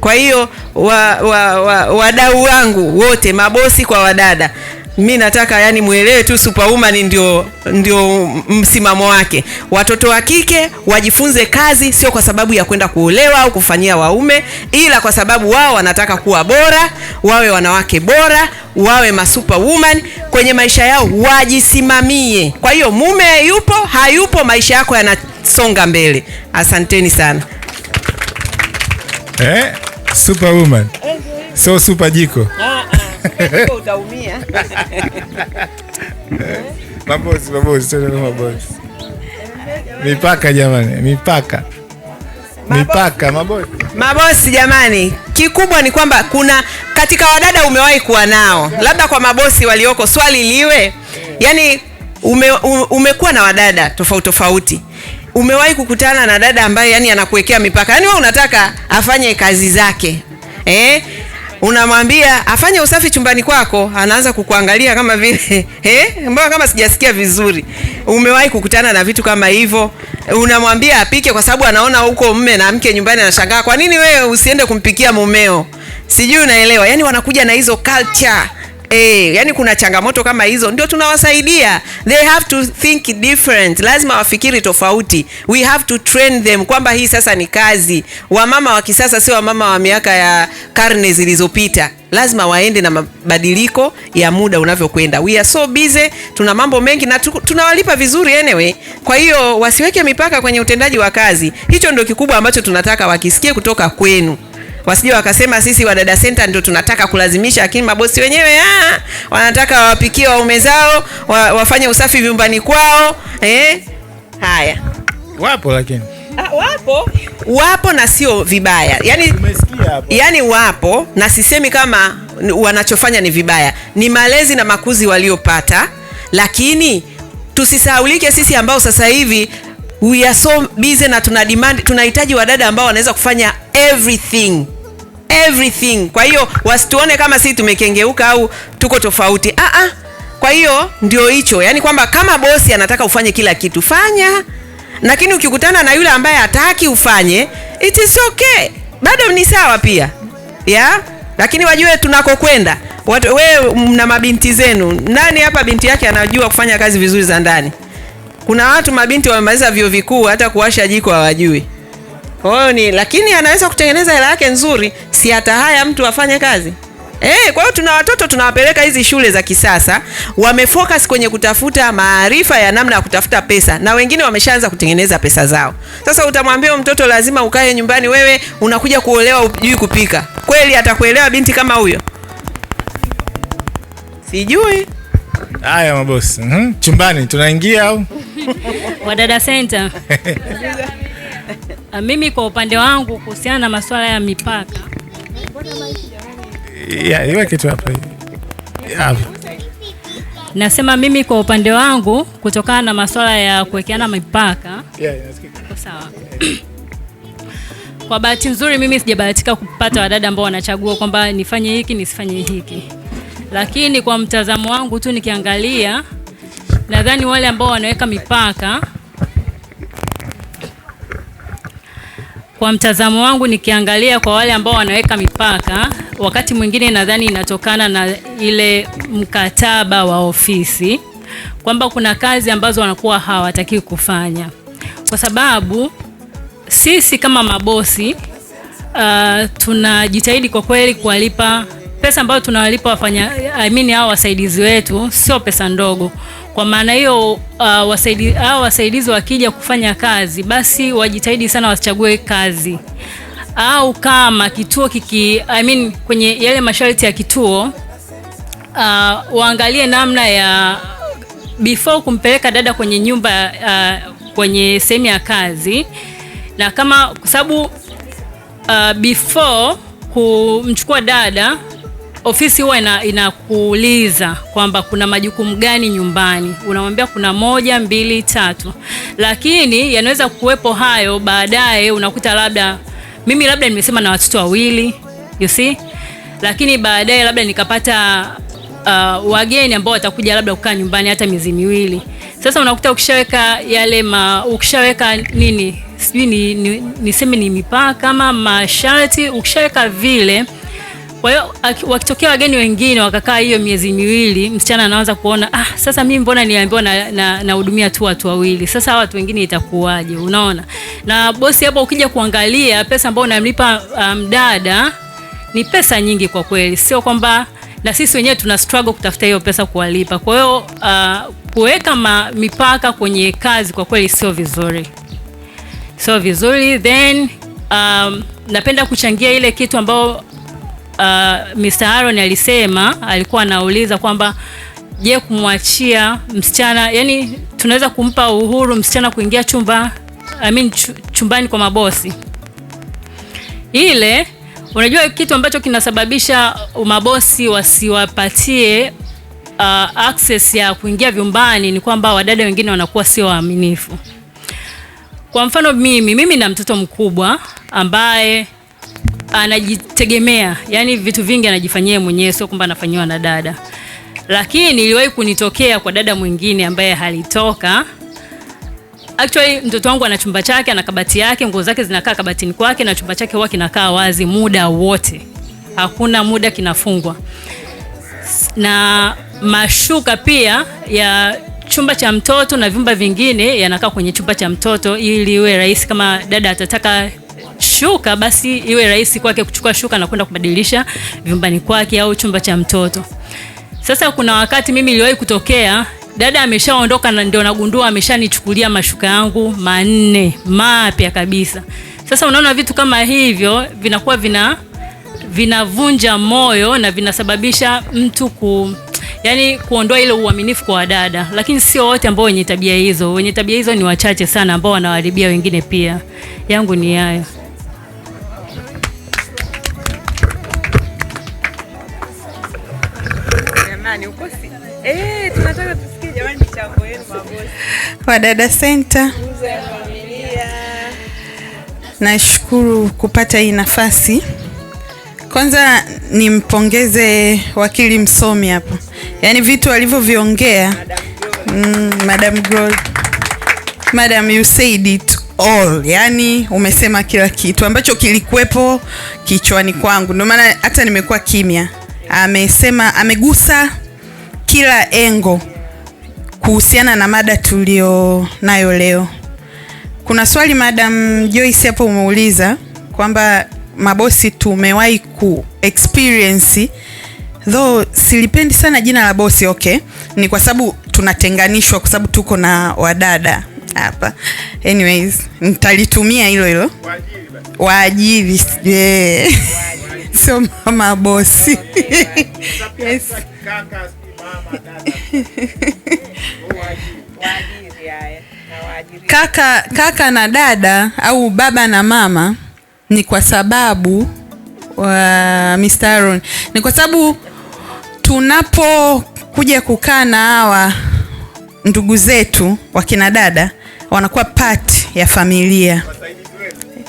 Kwa hiyo wadau wa, wa, wa wangu wote mabosi kwa wadada mi nataka yani mwelewe tu Superwoman ndio, ndio msimamo wake. Watoto wa kike wajifunze kazi, sio kwa sababu ya kwenda kuolewa au kufanyia waume, ila kwa sababu wao wanataka kuwa bora, wawe wanawake bora, wawe ma kwenye maisha yao, wajisimamie. Kwa hiyo mume yupo hayupo, maisha yako yanasonga mbele. Asanteni sana eh. Superwoman. So super jiko. Ah, ah. Utaumia. Mabosi, mabosi, mabosi. Mipaka jamani, mipaka. Mipaka, mabosi. Mabosi jamani, kikubwa ni kwamba kuna katika wadada umewahi kuwa nao, labda kwa mabosi walioko, swali liwe yaani ume, umekuwa na wadada tofauti tofauti umewahi kukutana na dada ambaye yani anakuwekea mipaka, yani wewe unataka afanye kazi zake eh? Unamwambia afanye usafi chumbani kwako, anaanza kukuangalia kama vile eh, mbona kama sijasikia vizuri. Umewahi kukutana na vitu kama hivyo? Unamwambia apike kwa sababu anaona huko mme na mke nyumbani, anashangaa kwa nini wewe usiende kumpikia mumeo. Sijui unaelewa, yani wanakuja na hizo culture Eh, yani kuna changamoto kama hizo ndio tunawasaidia. They have to think different. Lazima wafikiri tofauti. We have to train them kwamba hii sasa ni kazi. Wamama wa kisasa sio wamama wa miaka ya karne zilizopita. Lazima waende na mabadiliko ya muda unavyokwenda. We are so busy, tuna mambo mengi na tunawalipa vizuri anyway. Kwa hiyo wasiweke mipaka kwenye utendaji wa kazi. Hicho ndio kikubwa ambacho tunataka wakisikie kutoka kwenu wasije wakasema sisi Wadada Center ndio tunataka kulazimisha, lakini mabosi wenyewe aa, ah, wanataka wawapikie waume zao wa, wafanye usafi vyumbani kwao eh? Haya, wapo lakini ah, wapo wapo na sio vibaya yani, yani wapo na sisemi kama wanachofanya ni vibaya, ni malezi na makuzi waliopata, lakini tusisahaulike sisi ambao sasa hivi we are so busy na tuna demand, tunahitaji wadada ambao wanaweza kufanya everything everything. Kwa hiyo wasituone kama sisi tumekengeuka au tuko tofauti. Ah ah, kwa hiyo ndio hicho, yaani kwamba kama bosi anataka ufanye kila kitu fanya, lakini ukikutana na yule ambaye hataki ufanye, it is okay, bado ni sawa pia yeah? Lakini wajue tunakokwenda. Wewe mna mabinti zenu, nani hapa binti yake anajua kufanya kazi vizuri za ndani? Kuna watu mabinti wamemaliza vyo vikuu hata kuwasha jiko hawajui. Kwa hiyo ni lakini anaweza kutengeneza hela yake nzuri, si hata haya mtu afanye kazi. Eh, kwa hiyo tuna watoto tunawapeleka hizi shule za kisasa, wamefocus kwenye kutafuta maarifa ya namna ya kutafuta pesa na wengine wameshaanza kutengeneza pesa zao. Sasa utamwambia mtoto lazima ukae nyumbani, wewe unakuja kuolewa hujui kupika. Kweli atakuelewa binti kama huyo? Sijui. Haya mabosi. Mm-hmm. Chumbani tunaingia au? Wadada Center. Ah, mimi kwa upande wangu kuhusiana na masuala ya mipaka. Ya, kitu hapa hivi. Nasema mimi kwa upande wangu kutokana na masuala ya kuwekeana mipaka. Yeah, yeah, sawa. Kwa bahati nzuri mimi sijabahatika kupata wadada ambao wanachagua kwamba nifanye hiki nisifanye hiki lakini kwa mtazamo wangu tu nikiangalia, nadhani wale ambao wanaweka mipaka, kwa mtazamo wangu nikiangalia, kwa wale ambao wanaweka mipaka, wakati mwingine nadhani inatokana na ile mkataba wa ofisi kwamba kuna kazi ambazo wanakuwa hawataki kufanya, kwa sababu sisi kama mabosi uh, tunajitahidi kwa kweli kuwalipa pesa ambayo tunawalipa wafanya I mean hao wasaidizi wetu sio pesa ndogo. Kwa maana hiyo uh, wasaidi, hao wasaidizi wakija kufanya kazi, basi wajitahidi sana wasichague kazi au kama kituo kiki I mean, kwenye yale masharti ya kituo uh, waangalie namna ya before kumpeleka dada kwenye nyumba uh, kwenye sehemu ya kazi, na kama kwa sababu uh, before kumchukua dada ofisi huwa ina, inakuuliza kwamba kuna majukumu gani nyumbani, unamwambia kuna moja, mbili, tatu, lakini yanaweza kuwepo hayo baadaye. Unakuta labda mimi labda nimesema na watoto wawili you see, lakini baadaye labda nikapata uh, wageni ambao watakuja labda kukaa nyumbani hata miezi miwili. Sasa unakuta ukishaweka yale ma, ukishaweka nini sijui niseme ni, ni, ni mipaka kama masharti ukishaweka vile kwa hiyo wakitokea wageni wengine wakakaa hiyo miezi miwili, msichana anaanza kuona ah, sasa mimi mbona niliambiwa nahudumia na, na tu watu wawili, sasa watu wengine itakuwaje? Unaona, na bosi hapo, ukija kuangalia pesa ambayo unamlipa mdada um, ni pesa nyingi kwa kweli, sio kwamba na sisi wenyewe tuna struggle kutafuta hiyo pesa kuwalipa. Kwa hiyo uh, kuweka mipaka kwenye kazi kwa kweli sio vizuri, sio vizuri. Then um, napenda kuchangia ile kitu ambayo uh, Mr. Aaron alisema, alikuwa anauliza kwamba je, kumwachia msichana, yani tunaweza kumpa uhuru msichana kuingia chumba I mean, chumbani kwa mabosi ile Unajua kitu ambacho kinasababisha mabosi wasiwapatie uh, access ya kuingia vyumbani ni kwamba wadada wengine wanakuwa sio waaminifu. Kwa mfano mimi, mimi na mtoto mkubwa ambaye anajitegemea, yani vitu vingi anajifanyia mwenyewe, sio kwamba anafanyiwa na dada. Lakini iliwahi kunitokea kwa dada mwingine ambaye halitoka Actually mtoto wangu ana chumba chake, ana kabati yake, nguo zake zinakaa kabatini kwake na chumba chake huwa kinakaa wazi muda wote. Hakuna muda kinafungwa. Na mashuka pia ya chumba cha mtoto na vyumba vingine yanakaa kwenye chumba cha mtoto ili iwe rahisi kama dada atataka shuka, basi iwe rahisi kwake kuchukua shuka na kwenda kubadilisha vyumbani kwake au chumba cha mtoto. Sasa kuna wakati mimi iliwahi kutokea dada ameshaondoka na ndio nagundua ameshanichukulia mashuka yangu manne mapya kabisa. Sasa unaona vitu kama hivyo vinakuwa vina vinavunja moyo na vinasababisha mtu ku yani kuondoa ile uaminifu kwa wadada, lakini sio wote ambao wenye tabia hizo. Wenye tabia hizo ni wachache sana ambao wanawaharibia wengine pia. Yangu ni hayo. Nani ah, si? Eh, tunataka tusikie jamani chango yenu mabosi. Wadada Center. Nashukuru kupata hii nafasi. Kwanza nimpongeze wakili msomi hapo, yaani vitu alivyoviongea mm, Madam Madam you said it all, yaani umesema kila kitu ambacho kilikuwepo kichwani kwangu, ndio maana hata nimekuwa kimya. Amesema, amegusa kila engo kuhusiana na mada tulio nayo leo. Kuna swali Madam Joyce hapo umeuliza kwamba mabosi tumewahi ku experience though, silipendi sana jina la bosi. Okay, ni kwa sababu tunatenganishwa kwa sababu tuko na wadada hapa. Anyways, nitalitumia hilo hilo waajiri, yeah. Sio mabosi yes kaka, kaka na dada au baba na mama ni kwa sababu wa Mr. Aaron, ni kwa sababu tunapokuja kukaa na hawa ndugu zetu wakina dada wanakuwa part ya familia.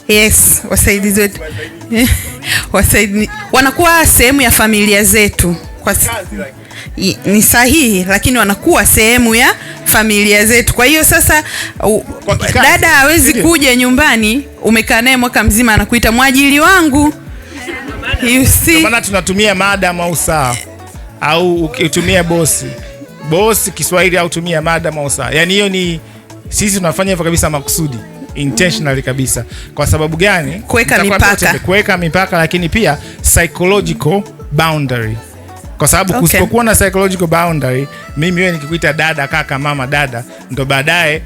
Yes, wasaidizi wetu wanakuwa sehemu ya familia zetu kwa ni sahihi, lakini wanakuwa sehemu ya familia zetu. Kwa hiyo sasa u, kwa dada hawezi kuja nyumbani, umekaa naye mwaka mzima, anakuita mwajili wangu, you see. Maana tunatumia madam au saa au ukitumia bosi bosi Kiswahili au tumia madam au saa, yani hiyo ni sisi tunafanya hivyo kabisa makusudi intentionally kabisa. Kwa sababu gani? Kuweka mipaka, kuweka mipaka, lakini pia psychological boundary kwa sababu okay. Kusipokuwa na psychological boundary, mimi wewe nikikuita dada, kaka, mama, dada, ndo baadaye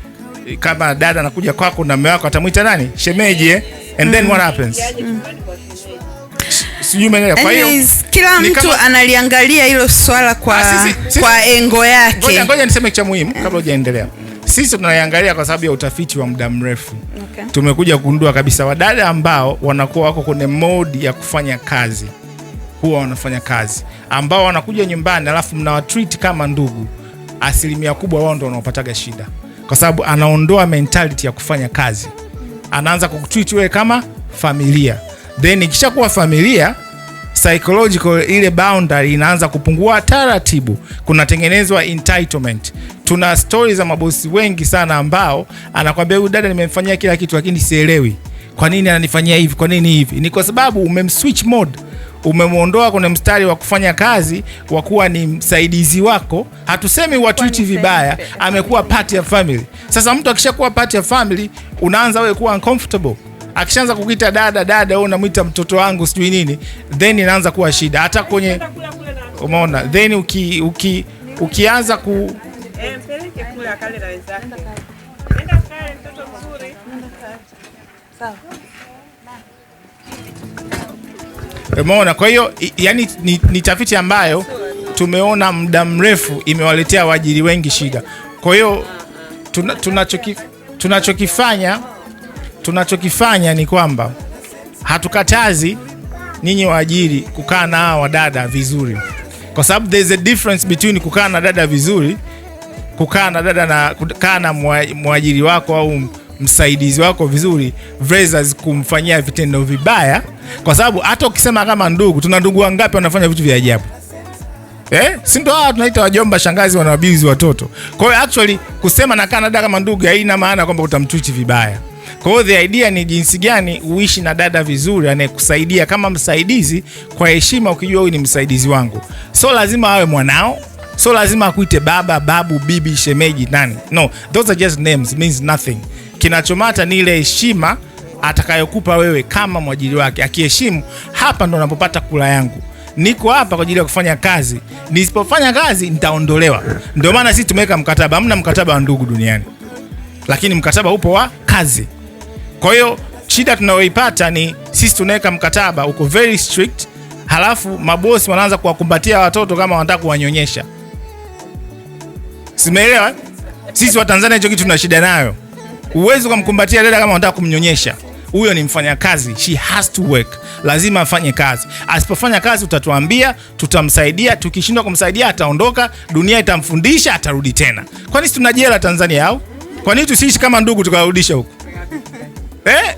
kama dada anakuja kwako na mume wako atamwita nani? Shemeji, eh? And then what happens? Mm. mm. Kwa hiyo kila mtu kama... analiangalia hilo swala kwa, sisi, ah, sisi, kwa engo yake. Ngoja ngoja niseme kitu muhimu kabla hujaendelea. Sisi tunaiangalia kwa sababu ya utafiti wa muda mrefu. Okay. Tumekuja kugundua kabisa wadada ambao wanakuwa wako kwenye mode ya kufanya kazi huwa wanafanya kazi, ambao wanakuja nyumbani alafu mnawatreat kama ndugu, asilimia kubwa wao ndo wanaopataga shida, kwa sababu anaondoa mentality ya kufanya kazi, anaanza kukutreat wewe kama familia, then ikishakuwa familia psychological ile boundary inaanza kupungua taratibu, kunatengenezwa entitlement. Tuna stori za mabosi wengi sana ambao anakwambia huyu dada nimemfanyia kila kitu, lakini sielewi kwa nini ananifanyia hivi, kwa nini hivi. Ni kwa sababu umemswitch mode, umemwondoa kwenye mstari wa kufanya kazi wa kuwa ni msaidizi wako. Hatusemi watwiti vibaya, amekuwa part ya family. Sasa mtu akishakuwa part ya family, unaanza wewe kuwa uncomfortable akishaanza kukuita dada dada, wewe unamwita mtoto wangu sijui nini, then inaanza kuwa shida hata kwenye, umeona? Then uki, uki, ukianza ku eh, Umeona? Kwa hiyo yani ni, ni tafiti ambayo tumeona muda mrefu imewaletea waajiri wengi shida. Kwa hiyo tuna tunachokifanya tunachokifanya ni kwamba hatukatazi ninyi waajiri kukaa na hawa wadada vizuri, kwa sababu there is a difference between kukaa na dada vizuri, kukaa na dada na kukaa na mwajiri wako au msaidizi wako vizuri versus kumfanyia vitendo vibaya, kwa sababu hata ukisema kama ndugu, tuna ndugu wangapi wanafanya vitu vya ajabu eh? Si ndo hawa tunaita wajomba, shangazi, wanabizi watoto. Kwa hiyo actually kusema na kana dada kama ndugu haina maana kwamba utamtuchi vibaya. Kwa hiyo the idea ni jinsi gani uishi na dada vizuri, anayekusaidia kama msaidizi kwa heshima, ukijua huyu ni msaidizi wangu, so lazima awe mwanao so lazima akuite baba, babu, bibi, shemeji, nani. No, those are just names, means nothing. Kinachomata ni ile heshima atakayokupa wewe kama mwajiri wake. Akiheshimu, hapa ndo unapopata kula yangu niko hapa kwa ajili ya kufanya kazi, nisipofanya kazi nitaondolewa. Ndio maana sisi tumeweka mkataba. Hamna mkataba wa ndugu duniani, lakini mkataba upo wa kazi. Kwa hiyo shida tunayoipata ni sisi tunaweka mkataba uko very strict, halafu mabosi wanaanza kuwakumbatia watoto kama wanataka kuwanyonyesha. Simeelewa? Sisi wa Tanzania hicho kitu tuna shida nayo. Uwezi kumkumbatia dada kama unataka kumnyonyesha. Huyo ni mfanyakazi, she has to work, lazima afanye kazi. Asipofanya kazi, utatuambia, tutamsaidia. Tukishindwa kumsaidia, ataondoka, dunia itamfundisha, atarudi tena. Kwani si tunajela Tanzania au? Kwa nini tusiishi kama ndugu tukarudisha huko? Eh?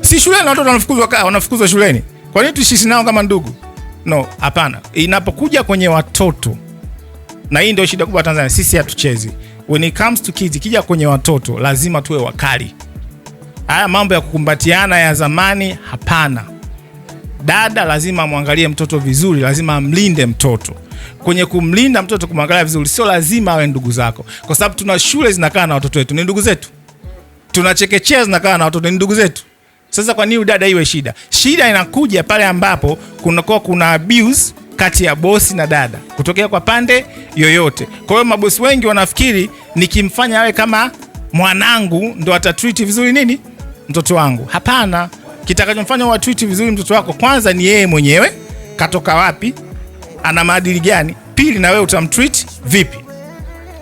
Si shuleni watoto wanafukuzwa kaa, wanafukuzwa shuleni. Kwa nini tusiishi nao kama ndugu? No, hapana. Inapokuja kwenye watoto na hii ndio shida kubwa Tanzania, sisi hatuchezi. When it comes to kids, ikija kwenye watoto lazima tuwe wakali. Haya mambo ya kukumbatiana ya zamani, hapana. Dada lazima amwangalie mtoto vizuri, lazima amlinde mtoto. Kwenye kumlinda mtoto, kumwangalia vizuri, sio lazima awe ndugu zako, kwa sababu tuna shule zinakaa na watoto wetu, ni ndugu zetu. Tuna chekechea zinakaa na watoto, ni ndugu zetu. Sasa kwa nini dada iwe shida? Shida inakuja pale ambapo kunakuwa kuna abuse kati ya bosi na dada kutokea kwa pande yoyote. Kwa hiyo mabosi wengi wanafikiri nikimfanya awe kama mwanangu ndo atatreat vizuri nini mtoto wangu. Hapana, kitakachomfanya watreat vizuri mtoto wako kwanza ni yeye mwenyewe, katoka wapi, ana maadili gani. Pili, na wewe utamtreat vipi?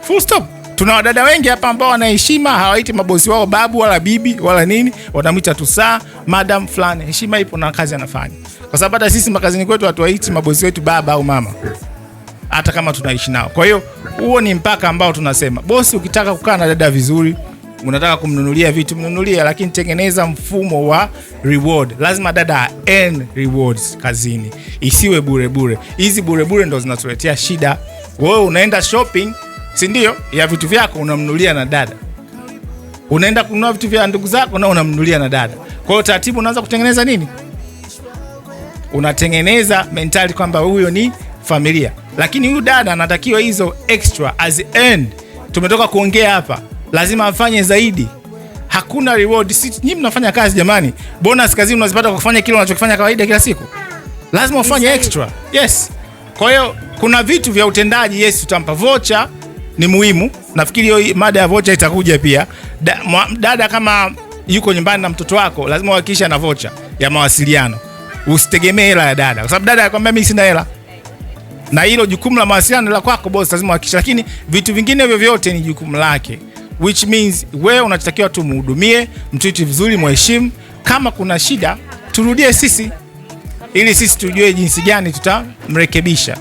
Full stop. Tuna wadada wengi hapa ambao wanaheshima, hawaiti mabosi wao babu wala bibi wala nini, wanamwita tu saa madam fulani. Heshima ipo na kazi anafanya kwa sababu hata sisi makazini kwetu hatuwaiti mabosi wetu baba au mama, hata kama tunaishi nao. Kwa hiyo huo ni mpaka ambao tunasema bosi, ukitaka kukaa na dada vizuri, unataka kumnunulia vitu, mnunulia, lakini tengeneza mfumo wa reward. Lazima dada earn rewards kazini, isiwe bure bure. Hizi bure bure ndo zinatuletea shida. Wewe unaenda shopping, si ndio, ya vitu vyako unamnunulia na dada unaenda kununua vitu vya ndugu zako na unamnunulia na dada. Kwa hiyo taratibu unaanza kutengeneza nini unatengeneza mentality kwamba huyo ni familia, lakini huyu dada anatakiwa hizo extra as end. Tumetoka kuongea hapa, lazima afanye zaidi. Hakuna reward. Si nyinyi mnafanya kazi jamani, bonus kazini unazipata kwa kufanya kile unachokifanya kawaida kila siku, lazima ufanye extra. Yes, kwa hiyo kuna vitu vya utendaji. Yes, utampa vocha, ni muhimu. Nafikiri hiyo mada ya vocha itakuja pia. Da, mwa, dada kama yuko nyumbani na mtoto wako, lazima uhakikishe ana vocha ya mawasiliano usitegemee hela ya dada, kwa sababu dada anakuambia mimi sina hela, na hilo jukumu la mawasiliano la kwako boss, lazima uhakikisha, lakini vitu vingine vyovyote ni jukumu lake, which means wewe unachotakiwa tu muhudumie, mtwiti vizuri, mheshimu. Kama kuna shida turudie sisi, ili sisi tujue jinsi gani tutamrekebisha.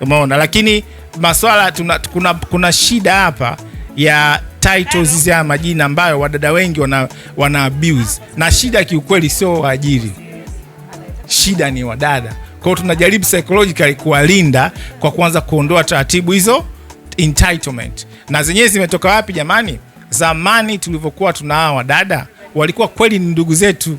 Umeona, lakini maswala tuna, kuna, kuna shida hapa ya titles ya majina ambayo wadada wengi wana, wana abuse na shida kiukweli sio waajiri shida ni wadada. kwao, tunajaribu psychologically kuwalinda kwa kuanza kuondoa taratibu hizo entitlement. Na zenyewe zimetoka wapi jamani? Zamani tulivyokuwa tunaoa wadada walikuwa kweli ni ndugu zetu